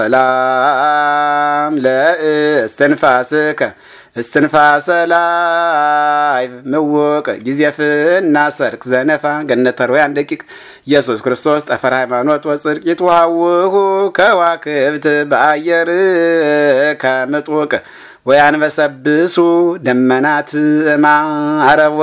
ሰላም ለእስትንፋስከ እስትንፋሰ ላይቭ ምውቅ ጊዜፍና ሰርክ ዘነፋ ገነተ ርዌ ደቂቅ ኢየሱስ ክርስቶስ ጠፈር ሃይማኖት ወፅድቅ ይትዋውሁ ከዋክብት በአየር ከምጡቅ ወያንበሰብሱ ደመናት እማ አረብ